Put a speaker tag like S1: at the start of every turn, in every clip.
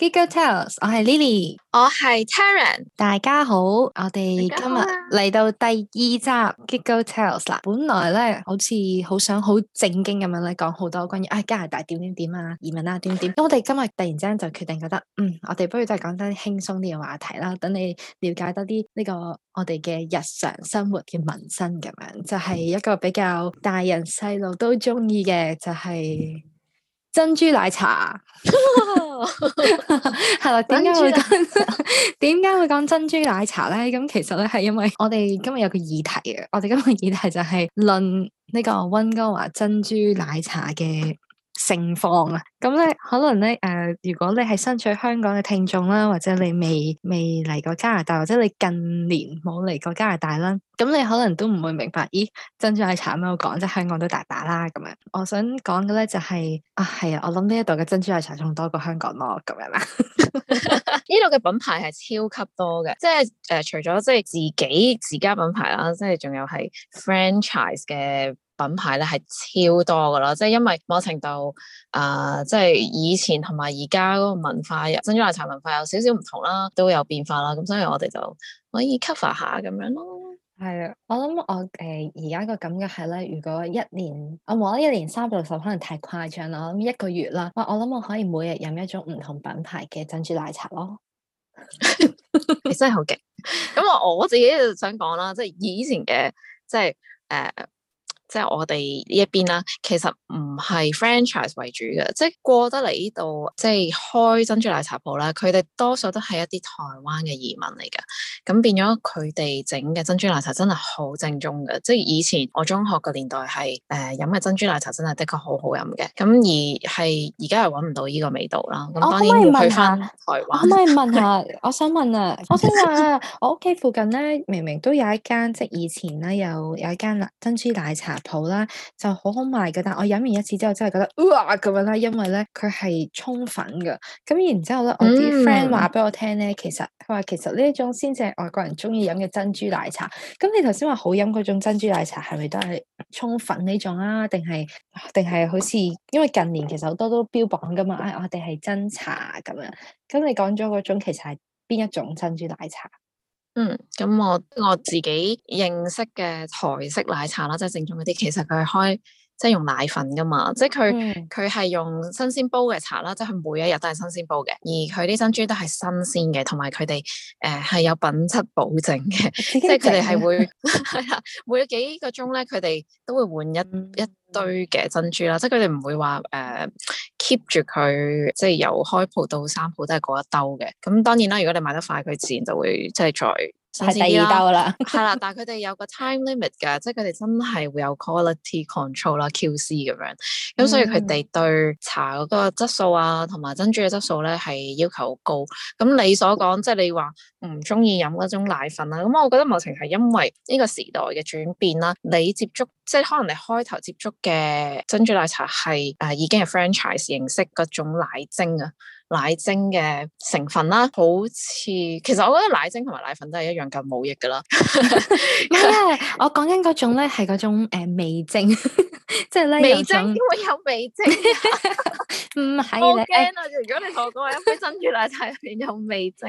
S1: Giggle Tales，我係 Lily，
S2: 我係 Taran，
S1: 大家好，我哋今日嚟到第二集 Giggle Tales 啦。本來咧，好似好想好正經咁樣咧，講好多關於誒、啊、加拿大點點點啊，移民啊點點。咁 我哋今日突然之間就決定覺得，嗯，我哋不如都係講得輕鬆啲嘅話題啦。等你了解多啲呢個我哋嘅日常生活嘅民生咁樣，就係、是、一個比較大人細路都中意嘅，就係、是。珍珠奶茶，
S2: 係 啦， 點解 會講？
S1: 點解會講珍珠奶茶咧？咁其實咧，係因為我哋今日有個議題啊，我哋今日議題就係論呢個溫哥華珍珠奶茶嘅。盛況啊！咁咧可能咧誒、呃，如果你係身處香港嘅聽眾啦，或者你未未嚟過加拿大，或者你近年冇嚟過加拿大啦，咁你可能都唔會明白。咦，珍珠奶茶喺度講，即係香港都大把啦咁樣。我想講嘅咧就係、是、啊，係啊，我諗呢一度嘅珍珠奶茶仲多過香港咯咁樣啦。
S2: 呢度嘅品牌係超級多嘅，即係誒、呃，除咗即係自己自家品牌啦，即係仲有係 franchise 嘅。品牌咧係超多噶啦，即係因為某程度啊、呃，即係以前同埋而家嗰個文化，珍珠奶茶文化有少少唔同啦，都有變化啦，咁所以我哋就可以 cover 下咁樣咯。
S1: 係啊，我諗我誒而家個感覺係咧，如果一年，我覺得一年三百六十可能太誇張啦，咁一個月啦，我我諗我可以每日飲一種唔同品牌嘅珍珠奶茶咯。 真係好勁！
S2: 咁我我自己就想講啦，即係以前嘅，即係誒。呃即係我哋呢一邊啦，其實唔係 franchise 為主嘅，即係過得嚟呢度，即係開珍珠奶茶鋪啦。佢哋多數都係一啲台灣嘅移民嚟嘅。咁變咗佢哋整嘅珍珠奶茶真係好正宗嘅。即係以前我中學嘅年代係誒飲嘅珍珠奶茶真係的確好好飲嘅，咁而係而家係揾唔到呢個味道啦。咁、啊、當然要去返台灣。可唔可以問下，
S1: 我想問啊， 我想問我屋企附近咧明，明明都有一間，即係以前咧有有一間珍珠，珠奶茶。鋪啦，就好好賣嘅。但係我飲完一次之後，真係覺得哇咁樣啦，因為咧佢係沖粉嘅。咁然之後咧，我啲 friend 話俾我聽咧，嗯、其實佢話其實呢一種先至係外國人中意飲嘅珍珠奶茶。咁你頭先話好飲嗰種珍珠奶茶係咪都係沖粉種呢種啊？定係定係好似因為近年其實好多都標榜噶嘛，啊、哎、我哋係真茶咁樣。咁你講咗嗰種其實係邊一種珍珠奶茶？
S2: 嗯，咁我我自己認識嘅台式奶茶啦，即係正宗嗰啲，其實佢係開。即係用奶粉噶嘛，即係佢佢係用新鮮煲嘅茶啦，即係佢每一日都係新鮮煲嘅，而佢啲珍珠都係新鮮嘅，同埋佢哋誒係有品質保證嘅，即係佢哋係會係啊， 每幾個鐘咧，佢哋都會換一一堆嘅珍珠啦，即係佢哋唔會話誒 keep 住佢，即係由開鋪到閂鋪都係嗰一兜嘅，咁當然啦，如果你買得快，佢自然就會即係再。係第二兜啦，係 啦，但係佢哋有個 time limit 噶，即係佢哋真係會有 quality control 啦，Q C 咁樣，咁、嗯、所以佢哋對茶嗰個質素啊，同埋珍珠嘅質素咧係要求好高。咁你所講即係你話唔中意飲嗰種奶粉啊，咁我覺得某程度係因為呢個時代嘅轉變啦、啊。你接觸即係可能你開頭接觸嘅珍珠奶茶係誒、呃、已經係 franchise 形式嗰種奶精啊。奶精嘅成分啦，好似其實我覺得奶精同埋奶粉都係一樣咁冇益噶
S1: 啦。我講緊嗰種咧，係嗰種誒味精，
S2: 即係咧。味精點會有味精？
S1: 唔係，
S2: 好
S1: 驚啊！如果你同我講一杯珍珠奶茶入面有味精，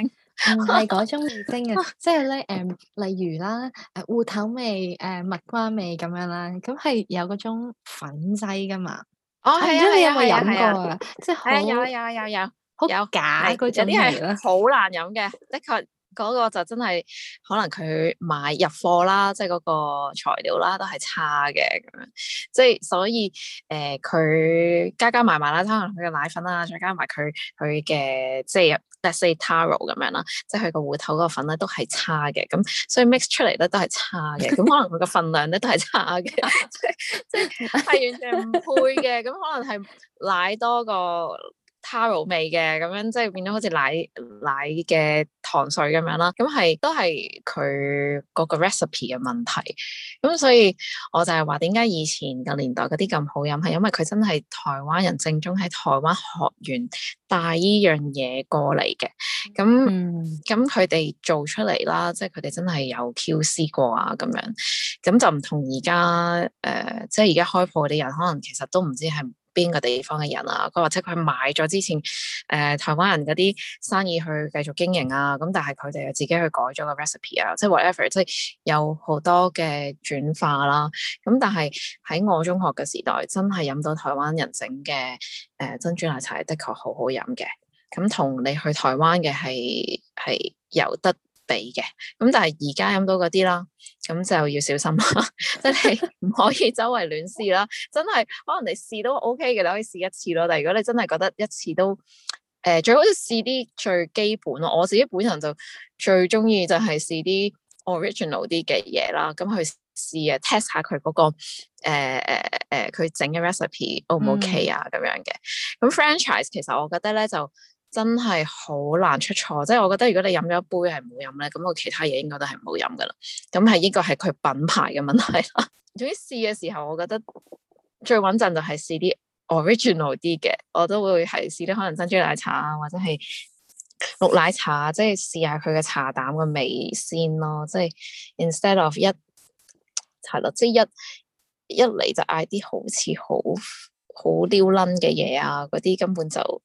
S1: 唔係嗰種味精啊，即係咧誒，例如啦，芋頭味、誒蜜瓜味咁樣啦，咁係有嗰種粉劑噶嘛。
S2: 哦，係啊，有冇飲過啊？係啊，即係好。有有有有。假有假，佢有啲係好難飲嘅，的確嗰個就真係可能佢買入貨啦，即係嗰個材料啦，都係差嘅咁樣，即係所以誒佢、呃、加加埋埋啦，可能佢嘅奶粉啦，再加埋佢佢嘅即係 dessert taro 咁樣啦，即係佢個芋頭嗰個粉咧都係差嘅，咁所以 mix 出嚟咧都係差嘅，咁可能佢個份量咧都係差嘅，即係係完全唔配嘅，咁可能係奶多過。Taro 味嘅咁樣，即係變咗好似奶奶嘅糖水咁樣啦。咁係都係佢嗰個 recipe 嘅問題。咁所以我就係話，點解以前嘅年代嗰啲咁好飲，係因為佢真係台灣人正宗喺台灣學完帶依樣嘢過嚟嘅。咁咁佢哋做出嚟啦，即係佢哋真係有 QC 過啊咁樣。咁就唔同而家誒，即係而家開鋪啲人可能其實都唔知係邊個地方嘅人啊？佢或者佢買咗之前誒、呃、台灣人嗰啲生意去繼續經營啊？咁但係佢哋又自己去改咗個 recipe 啊？即係 whatever，即係有好多嘅轉化啦。咁但係喺我中學嘅時代，真係飲到台灣人整嘅誒珍珠奶茶的確的，的確好好飲嘅。咁同你去台灣嘅係係由得。俾嘅，咁但係而家飲到嗰啲啦，咁就要小心啦，即係唔可以周圍亂試啦。 真係可能你試都 OK 嘅，你可以試一次咯。但係如果你真係覺得一次都，誒、呃、最好就試啲最基本咯。我自己本身就最中意就係試啲 original 啲嘅嘢啦，咁去試啊 test 下佢嗰個誒誒誒佢整嘅 recipe O 唔 OK 啊，咁樣嘅。咁 franchise 其實我覺得咧就。真係好難出錯，即係我覺得如果你飲咗一杯係唔好飲咧，咁我其他嘢應該都係唔好飲噶啦。咁係呢個係佢品牌嘅問題啦。總之試嘅時候，我覺得最穩陣就係試啲 original 啲嘅，我都會係試啲可能珍珠奶茶啊，或者係綠奶茶，即係試下佢嘅茶膽嘅味先咯。即係 instead of 一係咯，即係一一嚟就嗌啲好似好好刁撚嘅嘢啊，嗰啲根本就。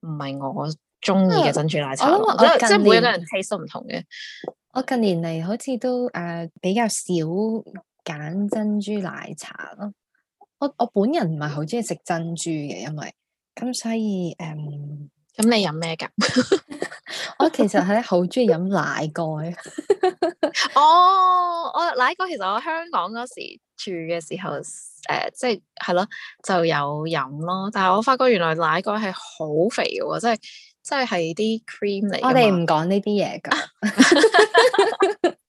S2: 唔係我中意嘅珍珠奶茶，我諗即係每個人 taste 呢都唔同嘅。我近年嚟，好似都誒
S1: 比較少揀珍珠奶茶咯。我我本人唔係好中意食珍珠嘅，因為咁所以誒。Um, 咁你飲咩噶？
S2: 我其
S1: 實係好中意飲奶蓋。
S2: 哦 oh, 我奶蓋其實我喺香港嗰時住嘅時候，誒、呃，即係係咯就有飲咯。但係我發覺原來奶蓋係好肥嘅，即係即係係啲 cream 嚟。我哋唔講呢啲嘢噶。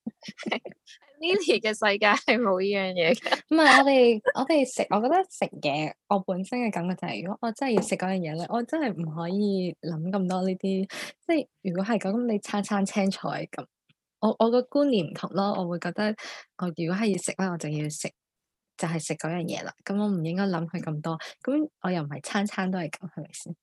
S2: Lily 嘅世界係冇呢樣嘢嘅。唔係我哋，我哋食，我覺得食嘢，
S1: 我本身嘅感覺就係，如果我真係要食嗰樣嘢咧，我真係唔可以諗咁多呢啲。即係如果係咁，你餐餐青菜咁，我我個觀念唔同咯。我會覺得，我如果係要食咧，我就要食，就係食嗰樣嘢啦。咁我唔應該諗佢咁多。咁我又唔係餐餐都係咁，係咪先？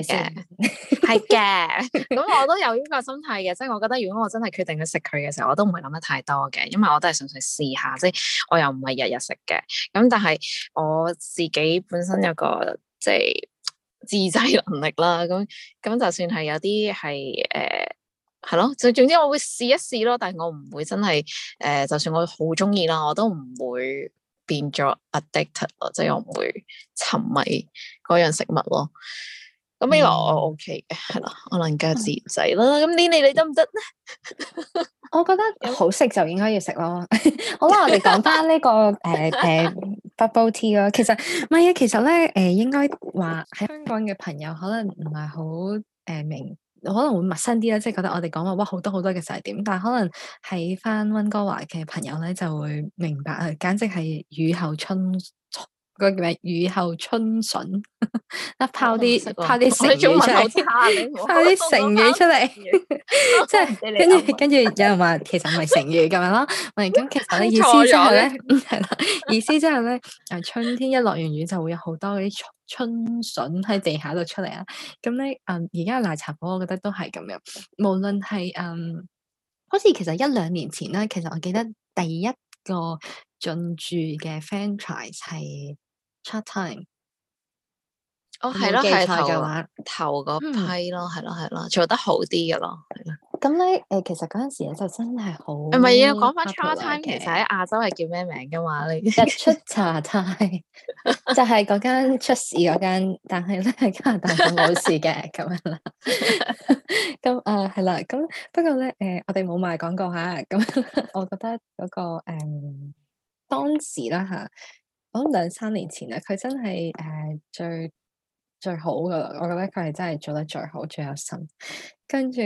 S2: 係嘅，係嘅。咁我都有呢個心態嘅，即係我覺得如果我真係決定去食佢嘅時候，我都唔會諗得太多嘅，因為我都係純粹試下，即係我又唔係日日食嘅。咁但係我自己本身有個即係自制能力啦。咁咁就算係有啲係誒，係咯，總總之我會試一試咯。但係我唔會真係誒，就算我好中意啦，我都唔會變咗 addicted 咯，即係我唔會沉迷嗰樣食物咯。咁呢、嗯、個我 OK 嘅，係啦、嗯，可能而家自然仔啦。咁呢、嗯，你你得唔得咧？ 我覺得好食
S1: 就應該要食咯。 好啦，我哋講翻呢個
S2: 誒誒 bubble tea 咯。其
S1: 實唔係啊，其實咧誒、呃、應該話喺香港嘅朋友可能唔係好誒明，可能會陌生啲啦，即、就、係、是、覺得我哋講話哇好多好多嘅細點，但係可能喺翻溫哥華嘅朋友咧就會明白啊，簡直係雨後春。個叫咩？雨後春筍，啊 些，拋啲拋啲成語出嚟，啲出來 成語出嚟， 即係跟住跟住有人話，其實唔係成語咁樣咯。唔係咁，其實咧意思即係咧，係啦，意思即係咧，誒， 春天一落完雨就會有好多嗰啲春筍喺地下度出嚟啦。咁咧，誒、嗯，而家嘅奶茶鋪我覺得都係咁樣，無論係誒，好似其實一兩年前啦，其實我記得第一個進駐嘅 franchise 係。
S2: 茶 time，
S1: 哦係咯係頭
S2: 頭嗰批咯係咯係咯做得好啲嘅咯，
S1: 咁咧誒其實嗰陣時就真係好，唔係要講翻茶 time，
S2: 其實喺亞洲係叫咩名噶嘛？你日
S1: 出茶 time， 就係嗰間出事嗰間，但係咧係加拿大冇事嘅咁 樣啦。咁誒係啦，咁、呃、不過咧誒、呃、我哋冇賣廣告吓，咁、啊嗯、我覺得嗰、那個誒、嗯、當時啦吓。我諗兩、哦、三年前咧，佢真係誒、呃、最最好噶啦，我覺得佢係真係做得最好、最有心。跟住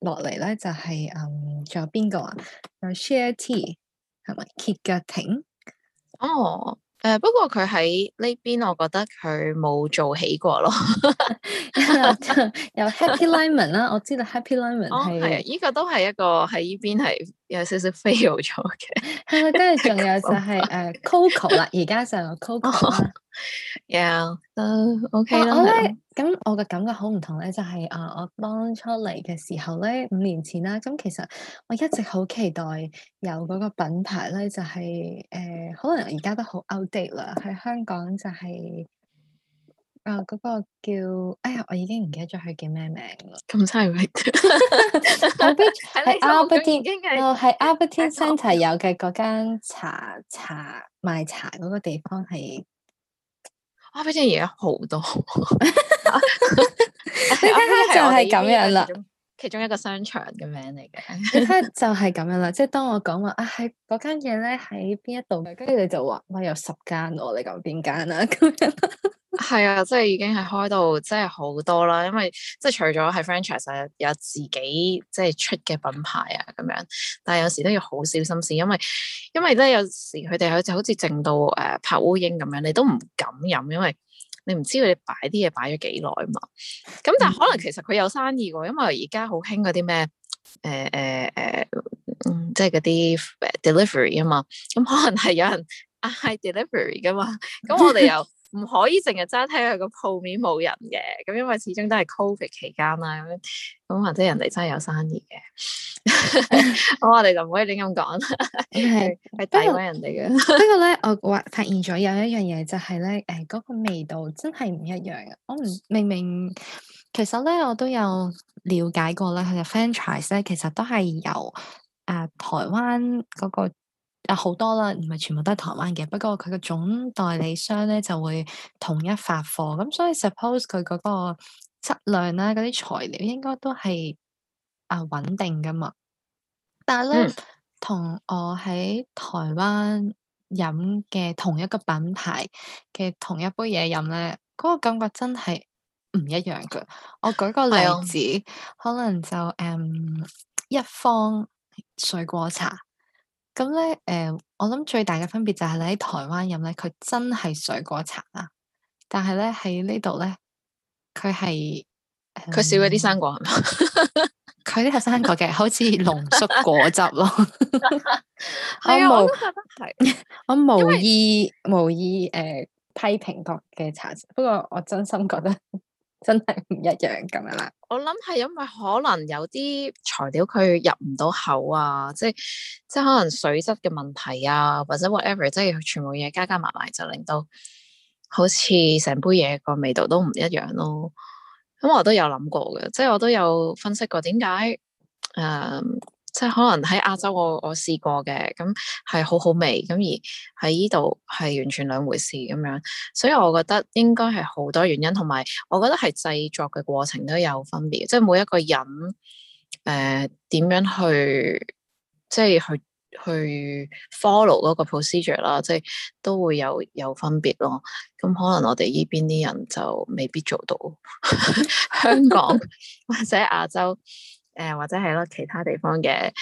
S1: 落嚟咧，就係、是、嗯，仲有邊個啊？有 Share Tea 係咪？Kick 腳挺
S2: 哦。誒、呃，不過佢喺呢邊，我覺得佢冇做起過咯。 有 Happy Lemon 啦，我知道 Happy Lemon 係啊，依個都係一個喺呢邊係。有少少 fail 咗嘅，
S1: 係啦，跟住仲有就係、是、誒、uh, Coco 啦，而家就 Coco 啦，有誒、oh, yeah. so, OK 啦。咁、oh, 我嘅感覺好唔同咧，就係、是、啊、uh, 我當初嚟嘅時候咧，五年前啦，咁其實我一直好期待有嗰個品牌咧，就係、是、誒、呃、可能而家都好 outdate 啦，喺香港就係、是。啊！嗰、哦那個叫哎呀，我已經唔記得咗佢叫咩名啦。咁差嘅，係 阿伯丁， 哦係阿伯丁 Centre 有嘅嗰間茶茶賣茶嗰個地方係，
S2: 阿伯丁而家好多，你睇下就係咁樣啦。其中一個商場嘅名嚟嘅，
S1: 就係咁樣啦。即係當我講話啊，喺嗰間嘢咧喺邊一度嘅，跟住你就話喂，有十間喎，你講邊間啊？咁
S2: 樣，係 啊，即係已經係開到即係好多啦。因為即係除咗係 franchise 有自己即係出嘅品牌啊咁樣，但係有時都要好小心先，因為因為咧有時佢哋好似好似靜到誒、呃、拍烏蠅咁樣，你都唔敢飲，因為。你唔知佢哋擺啲嘢擺咗幾耐嘛？咁但係可能其實佢有生意喎，因為而家好興嗰啲咩誒誒誒嗯，即係嗰啲 delivery 啊嘛。咁可能係有人嗌 delivery 㗎嘛。咁我哋又～ 唔可以成日齋睇佢個鋪面冇人嘅，咁因為始終都係 COVID 期間啦，咁樣咁或者人哋真係有生意嘅，我我哋就唔可以亂咁講，係係詆毀人哋
S1: 嘅。不過咧，我話發現咗有一樣嘢就係咧，誒嗰個味道真係唔一樣嘅。我唔明明其實咧，我都有了解過咧，佢嘅 franchise 咧，其實都係由誒、呃、台灣嗰、嗰個。有好多啦，唔係全部都係台灣嘅，不過佢個總代理商咧就會統一發貨，咁所以 suppose 佢嗰個質量啦、啊、嗰啲材料應該都係啊穩定噶嘛。但係咧，同、嗯、我喺台灣飲嘅同一個品牌嘅同一杯嘢飲咧，嗰、嗰個感覺真係唔一樣㗎。我舉個例子，的可能就誒、um, 一方水果茶。咁咧，誒、呃，我諗最大嘅分別就係你喺台灣飲咧，佢真係水果茶啊！但係咧喺呢度咧，佢係佢少咗啲生果，佢啲係生果嘅，好似濃縮果汁咯。我冇，我冇 意冇意誒、呃、批評各嘅茶，不過我真心覺得。真係唔一樣咁樣啦，
S2: 我諗係因為可能有啲材料佢入唔到口啊，即係即係可能水質嘅問題啊，或者 whatever，即係全部嘢，加加埋埋就令到好似成杯嘢個味道都唔一樣咯。咁我都有諗過嘅，即係我都有分析過點解誒。Um, 即係可能喺亞洲我，我我試過嘅，咁係好好味，咁而喺依度係完全兩回事咁樣，所以我覺得應該係好多原因，同埋我覺得係製作嘅過程都有分別，即係每一個人誒呃，點樣去，即係去去 follow 嗰個 procedure 啦，即係都會有有分別咯。咁可能我哋依邊啲人就未必做到， 香港或者亞洲。誒，或者係咯，其他地方嘅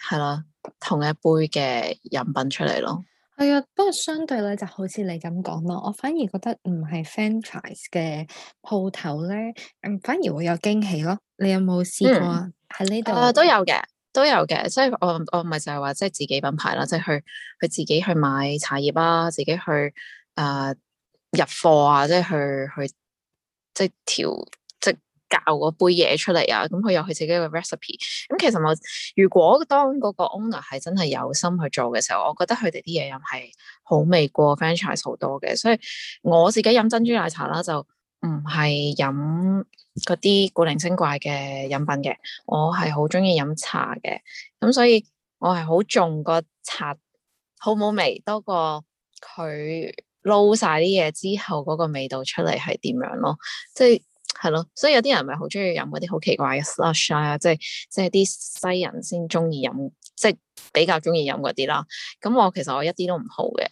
S2: 係咯，同一杯嘅飲品出嚟咯。
S1: 係啊，不過相對咧，就好似你咁講咯，我反而覺得唔係 franchise 嘅鋪頭咧，反而會有驚喜咯。你有冇試過喺
S2: 呢度？啊，都有嘅，都有嘅。即係我我唔係就係話即係自己品牌啦，即係去去自己去買茶葉啊，自己去誒入貨啊，即係去去即係調。教嗰杯嘢出嚟啊！咁佢有佢自己嘅 recipe。咁其實我如果當嗰個 owner 係真係有心去做嘅時候，我覺得佢哋啲嘢飲係好味過 franchise 好多嘅。所以我自己飲珍珠奶茶啦，就唔係飲嗰啲古靈精怪嘅飲品嘅。我係好中意飲茶嘅，咁所以我係好重個茶好唔好味多過佢撈晒啲嘢之後嗰個味道出嚟係點樣咯，即係。係咯，所以有啲人咪好中意飲嗰啲好奇怪嘅 slush 啊，即係即係啲西人先中意飲，即係比較中意飲嗰啲啦。咁我其實我一啲都唔好嘅，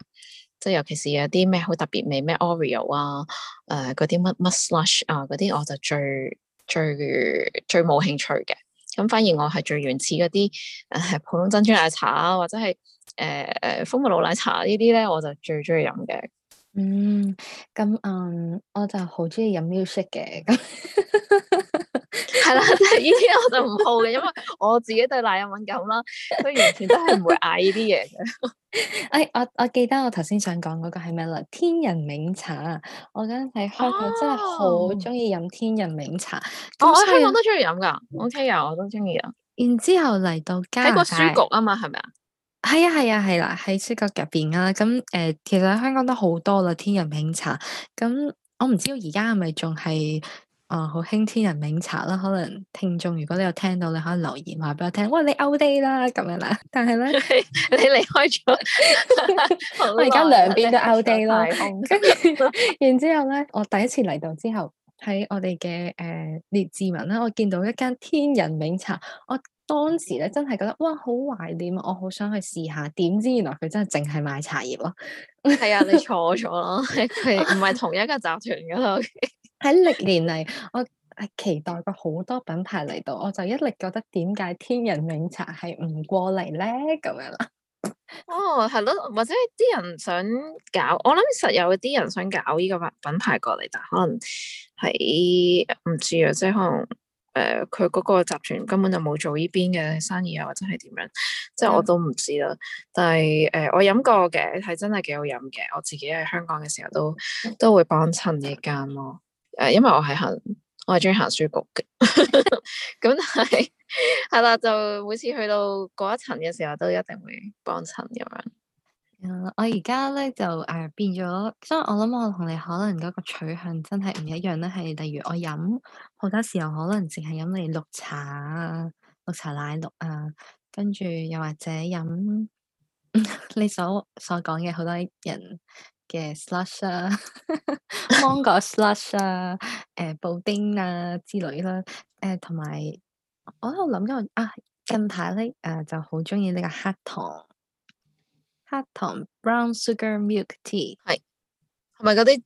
S2: 即係尤其是有啲咩好特別味咩 Oreo 啊，誒嗰啲乜乜 slush 啊嗰啲，我就最最最冇興趣嘅。咁反而我係最原始嗰啲誒普通珍珠奶茶啊，或者係誒誒蜂蜜露奶茶呢啲咧，我就最中意飲嘅。
S1: 嗯，咁嗯，我就好中意飲 music 嘅，咁
S2: 係啦，呢啲 我就唔好嘅，因為我自己對奶有敏感啦，所以完全都係唔會嗌呢啲嘢嘅。
S1: 哎，我我記得我頭先想講嗰個係咩啦？天仁茗茶，我真係香港真係好中意飲天仁茗茶，哦哦、我香港都
S2: 中意飲噶，O K 啊，我都中意飲。
S1: 然之後嚟到喺個書局啊嘛，係咪啊？係啊係啊係啦，喺食局入邊啦，咁誒、啊啊啊嗯，其實香港都好多啦，天人茗茶。咁我唔知道而家係咪仲係啊，好、呃、興天人茗茶啦。可能聽眾，如果你有聽到，你可以留言話俾我聽。喂，你 out day 啦咁樣啦，但係
S2: 咧， 你離開咗， 很久 我而家兩邊都
S1: out day 咯。跟住，然之後咧，我第一次嚟到之後，喺我哋嘅、誒列治文啦，我見到一間天人茗茶，我。當時咧真係覺得哇，好懷念，我好想去試下。點知原來佢真係淨係賣茶葉咯。
S2: 係 啊，你錯咗咯，係唔係同一個集團嘅？喺、
S1: okay? 歷年嚟，我期待過好多品牌嚟到，我就一力覺得點解天仁茗茶係唔過嚟咧？咁樣啦。
S2: 哦，係咯，或者啲人想搞，我諗實有啲人想搞呢個品牌過嚟，但可能喺唔知啊，即係可能。誒，佢嗰、呃、個集團根本就冇做呢邊嘅生意啊，或者係點樣，即係我都唔知啦。嗯、但係誒、呃，我飲過嘅係真係幾好飲嘅，我自己喺香港嘅時候都、嗯、都會幫襯呢間咯。誒、呃，因為我係行，我係中意行書局嘅，咁係係啦， 就每次去到嗰一層嘅時候，都一定會幫襯咁樣。
S1: Uh, 我而家咧就誒、啊、變咗，所以我諗我同你可能嗰個取向真係唔一樣咧，係例如我飲好多時候可能淨係飲你綠茶啊、綠茶奶綠啊，跟住又或者飲 你所所講嘅好多人嘅 slush 啊、 芒果 slush 啊、誒、 呃、布丁啊之類啦、啊，誒同埋我喺度諗緊啊，近排咧誒就好中意呢個黑糖。
S2: 黑糖 brown sugar milk tea 係係咪嗰啲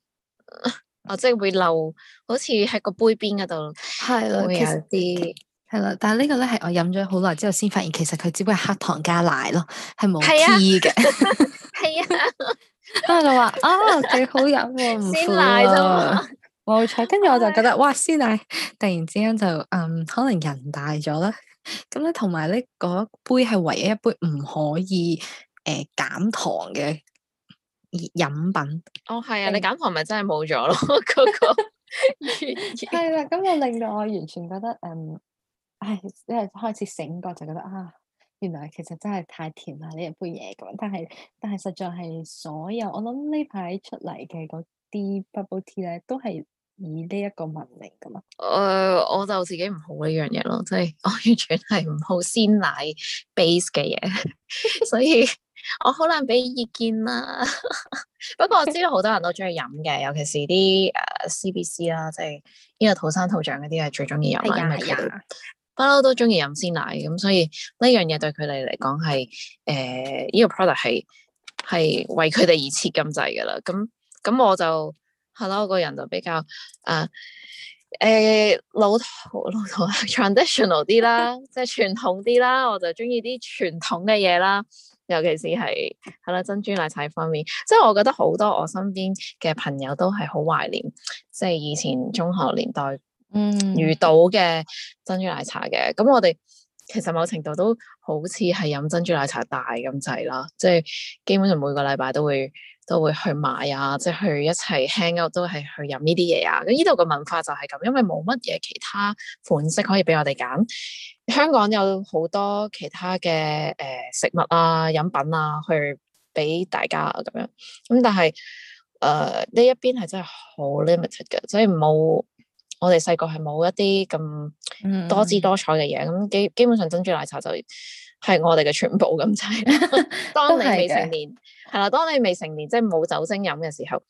S2: 啊？即係會漏，好似喺個杯邊嗰度係會有啲
S1: 係啦，但係呢個咧係我飲咗好耐之後先發現，其實佢只不過係黑糖加奶咯，係冇 tea 嘅。係啊，不過我話啊，幾好飲鮮奶啫嘛，冇錯。跟、喔、住我就覺得哇，鮮奶突然之間就嗯，可能人大咗啦，咁咧同埋咧嗰一杯係唯一一杯唔可以。誒，減糖嘅飲品
S2: 哦，係啊，嗯、你減糖咪真係冇咗咯，嗰個係啦，咁又令到我完全覺得，
S1: 嗯，係即係開始醒覺，就覺得啊，原來其實真係太甜啦呢一杯嘢咁。但係但係實在係所有我諗呢排出嚟嘅嗰啲 bubble tea 咧，都係以呢一個聞名噶嘛。
S2: 誒、呃，我就自己唔好呢樣嘢咯，即係我完全係唔好鮮奶 base 嘅嘢， 所以。我好難俾意見啦， 不過我知道好多人都中意飲嘅，尤其是啲誒、呃、C B C 啦，即係呢個土生土長嗰啲係最中意飲，係啊、哎呀，不嬲、哎、呀都中意飲鮮奶嘅，咁所以呢樣嘢對佢哋嚟講係誒呢個 product 係係為佢哋而設咁滯噶啦，咁咁我就係咯，我個人就比較、呃欸、啊誒老土老土 traditional 啲啦，即係傳統啲啦，我就中意啲傳統嘅嘢啦。尤其是係係啦，珍珠奶茶方面，即係我覺得好多我身邊嘅朋友都係好懷念，即係以前中學年代嗯遇到嘅珍珠奶茶嘅。咁我哋其實某程度都好似係飲珍珠奶茶大咁滯啦，即係基本上每個禮拜都會。都會去買啊，即係去一齊 hang out，都係去飲呢啲嘢啊。咁呢度嘅文化就係咁，因為冇乜嘢其他款式可以俾我哋揀。香港有好多其他嘅誒、呃、食物啊、飲品啊，去俾大家咁樣。咁但係誒呢一邊係真係好 limited 嘅，所以冇我哋細個係冇一啲咁多姿多彩嘅嘢。咁基、嗯、基本上珍珠奶茶就。係我哋嘅全部咁就係。
S1: 當你未成年，
S2: 係啦 的，當你未成年，即係冇酒精飲嘅時候，誒、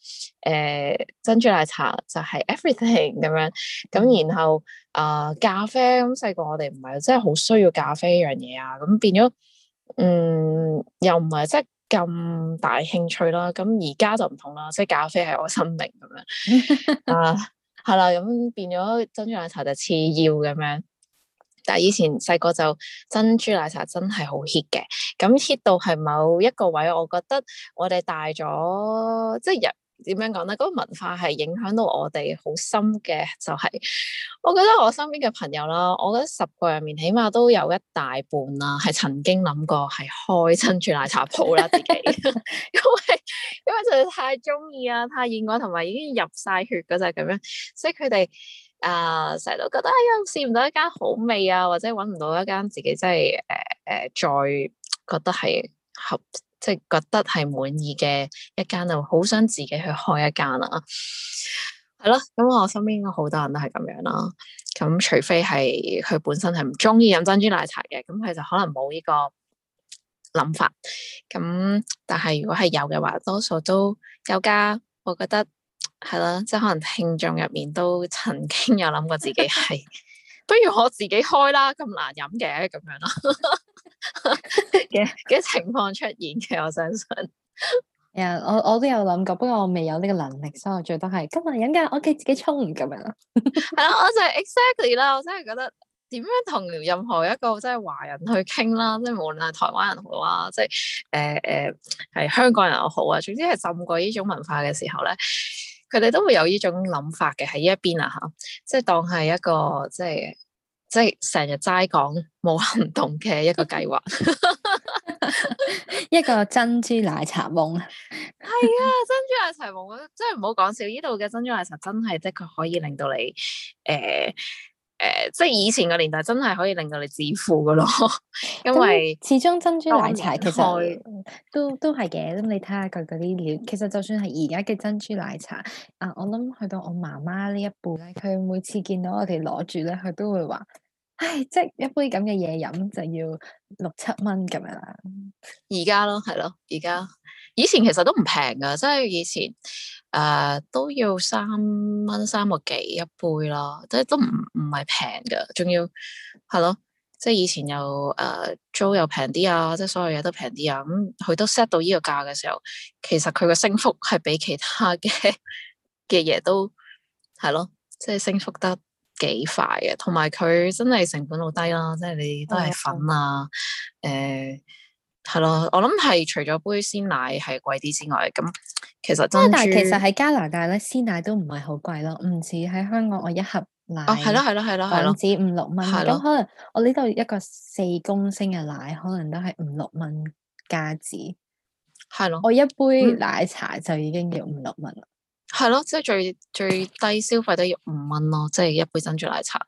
S2: 呃、珍珠奶茶就係 everything 咁樣。咁然後啊、呃、咖啡，咁細個我哋唔係真係好需要咖啡一樣嘢啊。咁變咗，嗯，又唔係即係咁大興趣啦。咁而家就唔同啦，即係咖啡係我生命咁樣啊。係啦、 uh,，咁變咗珍珠奶茶就次要咁樣。但係以前細個就珍珠奶茶真係好 hit 嘅，咁 hit 到係某一個位，我覺得我哋大咗，即係點樣講咧？嗰、那個文化係影響到我哋好深嘅，就係、是、我覺得我身邊嘅朋友啦，我覺得十個入面起碼都有一大半啦、啊，係曾經諗過係開珍珠奶茶鋪啦自己， 因為因為就係太中意啊，太熱愛同埋已經入晒血嗰陣咁樣，即係佢哋。啊，成日都覺得啊、哎，試唔到一間好味啊，或者揾唔到一間自己真係誒誒，再覺得係合，即係覺得係滿意嘅一間，就好想自己去開一間啦。係咯，咁我身邊應該好多人都係咁樣啦、啊。咁除非係佢本身係唔中意飲珍珠奶茶嘅，咁佢就可能冇呢個諗法。咁但係如果係有嘅話，多數都有家，我覺得。係啦，即係可能聽眾入面都曾經有諗過自己係， 不如我自己開啦，咁難飲嘅咁樣咯嘅嘅情況出現嘅，我相信。
S1: 啊、yeah，我我都有諗過，不過我未有呢個能力，所以我最多係今日飲噶，我記自己沖咁樣。
S2: 係 啦，我就係 exactly 啦，我真係覺得點樣同任何一個即係華人去傾啦，即係無論係台灣人好啊，即係誒誒係香港人又好啊，總之係浸過呢種文化嘅時候咧。佢哋都會有呢種諗法嘅喺呢一邊啊嚇，即係當係一個即係即係成日齋講冇行動嘅一個計劃，
S1: 一個珍珠奶茶夢。
S2: 係 啊，珍珠奶茶夢， 真係唔好講笑。呢度嘅珍珠奶茶真係的確可以令到你誒。呃誒、呃，即係以前個年代真係可以令到你致富噶咯，因為、嗯、始
S1: 終珍珠奶茶其實都都係嘅。咁你睇下佢嗰啲料，其實就算係而家嘅珍珠奶茶啊、呃，我諗去到我媽媽一呢一輩咧，佢每次見到我哋攞住咧，佢都會話，唉，即係一杯咁嘅嘢飲就要六七蚊咁樣啦。
S2: 而家咯，係咯，而家。 以前其實都唔平噶，即係以前誒、呃、都要三蚊三個幾一杯啦，即係都唔唔係平噶，仲要係咯，即係以前又誒、呃、租又平啲啊，即係所有嘢都平啲啊，咁、嗯、佢都 set 到呢個價嘅時候，其實佢嘅升幅係比其他嘅嘅嘢都係咯，即係升幅得幾快嘅，同埋佢真係成本好低啦、啊，即係你都係粉啊，誒、oh my God 呃。係咯，我諗係除咗杯鮮奶係貴啲之外，咁其實珍珠，但係其實喺
S1: 加拿大咧，鮮奶都唔係好貴咯，唔似喺香港我一盒奶，係咯係咯係咯係咯，唔止五六蚊，咁的可能我呢度一個四公升嘅奶，可能都係五六蚊加紙，係咯的，我一杯奶茶就已經要五六蚊啦，
S2: 係咯，即係最最低消費都要五蚊咯，即係一杯珍珠奶茶，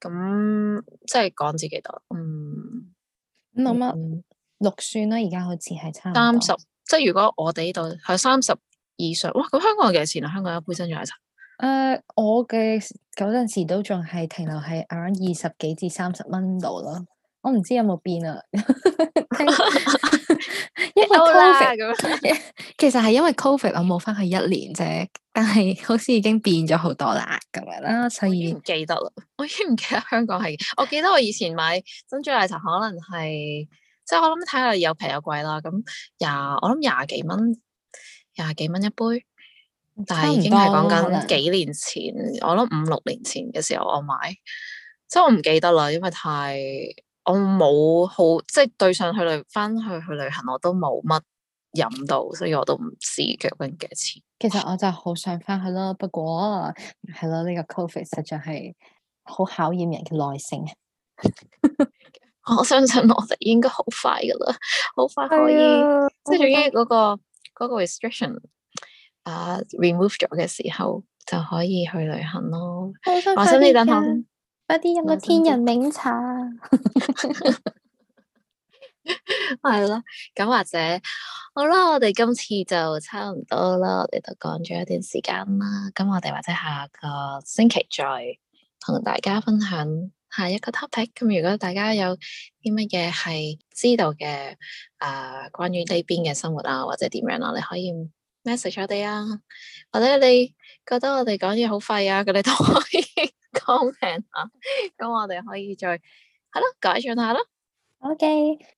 S2: 咁即係港紙幾多？嗯，五六蚊。
S1: 嗯六算啦，而家好似
S2: 係差唔多，30, 即係如果我哋呢度係三十以上，哇！咁香港係幾多錢啊香港一杯珍珠奶茶。
S1: 誒、呃，我嘅嗰陣時都仲係停留喺 around 二十幾至三十蚊度咯，我唔知有冇變啊。一 為
S2: covid 咁樣
S1: 其實係因為 covid 我冇翻去一年啫，但係好似已經變咗好多啦，咁樣啦，所以
S2: 記得啦。我已經唔記得香港係，我記得我以前買珍珠奶茶可能係。即係我諗睇下有平有貴啦，咁廿我諗廿幾蚊，廿幾蚊一杯，但係已經係講緊幾年前，了我諗五六年前嘅時候我買，即係我唔記得啦，因為太我冇好即係對上去旅翻去去旅行，我都冇乜飲到，所以我都唔知究竟幾錢。
S1: 其實我就好想翻去咯，不過係咯，呢個 COVID 實在係好考驗人嘅耐性。
S2: 我相信我哋應該好快噶啦，好快可以了即係、那個，終於嗰個嗰個 restriction 啊、uh, remove 咗嘅時候，就可以去旅行咯。想我想你等我，快啲飲個天人茗茶。係咯，咁或者好啦，我哋今次就差唔多啦，我哋都講咗一段時間啦。咁我哋或者下個星期再同大家分享。下一個 topic，咁如果大家有啲乜嘢係知道嘅，誒、呃，關於呢邊嘅生活啊，或者點樣啊，你可以 message 我哋啊，或者你覺得我哋講嘢好廢啊，佢哋都可以 comment 啊，咁我哋可以再係咯，改進下咯，OK，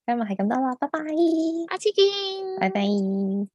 S2: 今日係咁多啦，拜拜，下次見，拜拜。